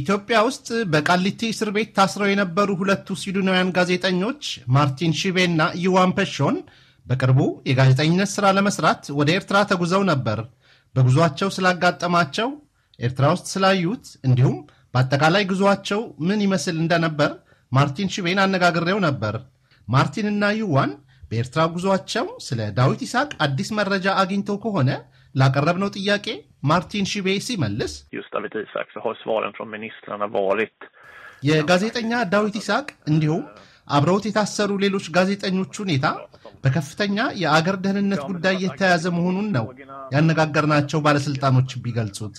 ኢትዮጵያ ውስጥ በቃሊቲ እስር ቤት ታስረው የነበሩ ሁለቱ ስዊድናውያን ጋዜጠኞች ማርቲን ሺቤ እና ዮዋን ፐሾን በቅርቡ የጋዜጠኝነት ሥራ ለመስራት ወደ ኤርትራ ተጉዘው ነበር። በጉዟቸው ስላጋጠማቸው፣ ኤርትራ ውስጥ ስላዩት እንዲሁም በአጠቃላይ ጉዟቸው ምን ይመስል እንደነበር ማርቲን ሽቤን አነጋግሬው ነበር። ማርቲንና ዩዋን በኤርትራ ጉዟቸው ስለ ዳዊት ይስሐቅ አዲስ መረጃ አግኝተው ከሆነ ላቀረብነው ጥያቄ ማርቲን ሽቤ ሲመልስ ዳዊት ይስሐቅ så har svaren från ministrarna የጋዜጠኛ ዳዊት ይስሐቅ እንዲሁም አብረውት የታሰሩ ሌሎች ጋዜጠኞች ሁኔታ በከፍተኛ የአገር ደህንነት ጉዳይ የተያያዘ መሆኑን ነው ያነጋገርናቸው ባለስልጣኖች ቢገልጹት።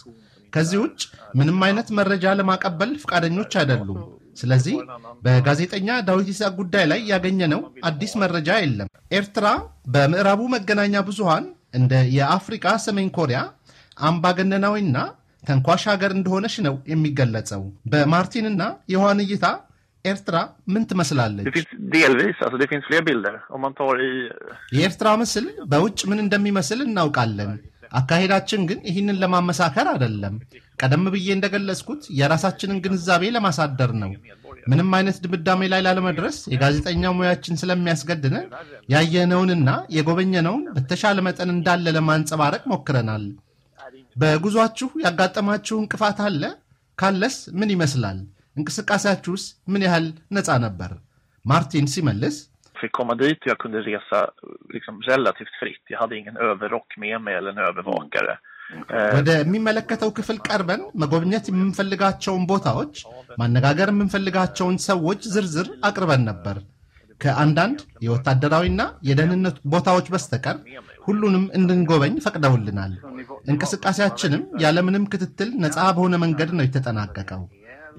ከዚህ ውጭ ምንም አይነት መረጃ ለማቀበል ፈቃደኞች አይደሉም። ስለዚህ በጋዜጠኛ ዳዊት ይስሐቅ ጉዳይ ላይ ያገኘነው አዲስ መረጃ የለም። ኤርትራ በምዕራቡ መገናኛ ብዙሃን እንደ የአፍሪቃ ሰሜን ኮሪያ አምባገነናዊና ተንኳሽ ሀገር እንደሆነች ነው የሚገለጸው። በማርቲንና የዮሐን እይታ ኤርትራ ምን ትመስላለች? የኤርትራ ምስል በውጭ ምን እንደሚመስል እናውቃለን። አካሄዳችን ግን ይህንን ለማመሳከር አይደለም። ቀደም ብዬ እንደገለጽኩት የራሳችንን ግንዛቤ ለማሳደር ነው። ምንም አይነት ድምዳሜ ላይ ላለመድረስ የጋዜጠኛ ሙያችን ስለሚያስገድነን ያየነውንና የጎበኘነውን በተሻለ መጠን እንዳለ ለማንጸባረቅ ሞክረናል። በጉዟችሁ ያጋጠማችሁ እንቅፋት አለ? ካለስ ምን ይመስላል? እንቅስቃሴያችሁስ ምን ያህል ነፃ ነበር? ማርቲን ሲመልስ fick komma dit och jag kunde resa liksom relativt fritt. Jag hade ingen överrock med mig eller en övervakare. Eh, ወደ የሚመለከተው ክፍል ቀርበን መጎብኘት የምንፈልጋቸውን ቦታዎች፣ ማነጋገር የምንፈልጋቸውን ሰዎች ዝርዝር አቅርበን ነበር። ከአንዳንድ የወታደራዊና የደህንነት ቦታዎች በስተቀር ሁሉንም እንድንጎበኝ ፈቅደውልናል። እንቅስቃሴያችንም ያለምንም ክትትል ነፃ በሆነ መንገድ ነው የተጠናቀቀው።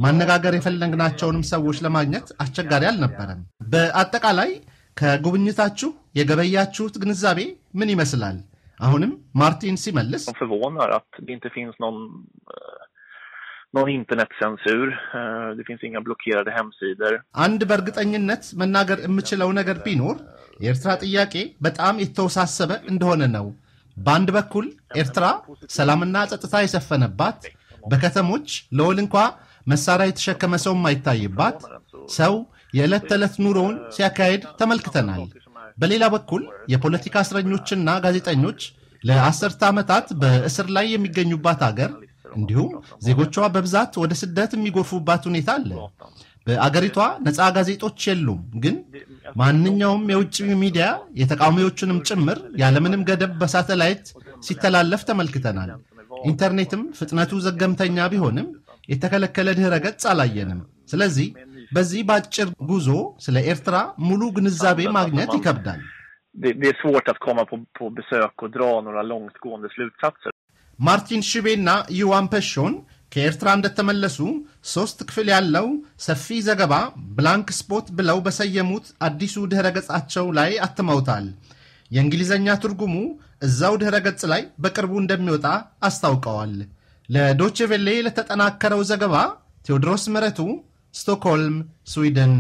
ማነጋገር የፈለግናቸውንም ሰዎች ለማግኘት አስቸጋሪ አልነበረም። በአጠቃላይ ከጉብኝታችሁ የገበያችሁት ግንዛቤ ምን ይመስላል? አሁንም ማርቲን ሲመልስ eh, eh, አንድ በእርግጠኝነት መናገር የምችለው ነገር ቢኖር የኤርትራ ጥያቄ በጣም የተወሳሰበ እንደሆነ ነው። በአንድ በኩል ኤርትራ ሰላምና ጸጥታ የሰፈነባት፣ በከተሞች ለወል እንኳ መሳሪያ የተሸከመ ሰው የማይታይባት፣ ሰው የዕለት ተዕለት ኑሮውን ሲያካሄድ ተመልክተናል። በሌላ በኩል የፖለቲካ እስረኞችና ጋዜጠኞች ለአስርተ ዓመታት በእስር ላይ የሚገኙባት አገር እንዲሁም ዜጎቿ በብዛት ወደ ስደት የሚጎርፉባት ሁኔታ አለ። በአገሪቷ ነፃ ጋዜጦች የሉም፣ ግን ማንኛውም የውጭ ሚዲያ የተቃዋሚዎቹንም ጭምር ያለምንም ገደብ በሳተላይት ሲተላለፍ ተመልክተናል። ኢንተርኔትም ፍጥነቱ ዘገምተኛ ቢሆንም የተከለከለ ድህረ ገጽ አላየንም። ስለዚህ በዚህ በአጭር ጉዞ ስለ ኤርትራ ሙሉ ግንዛቤ ማግኘት ይከብዳል። ማርቲን ሽቤና ዩዋን ፐሾን ከኤርትራ እንደተመለሱ ሦስት ክፍል ያለው ሰፊ ዘገባ ብላንክ ስፖት ብለው በሰየሙት አዲሱ ድኅረ ገጻቸው ላይ አትመውታል። የእንግሊዝኛ ትርጉሙ እዛው ድኅረ ገጽ ላይ በቅርቡ እንደሚወጣ አስታውቀዋል። ለዶችቬሌ ለተጠናከረው ዘገባ ቴዎድሮስ ምረቱ፣ ስቶክሆልም፣ ስዊድን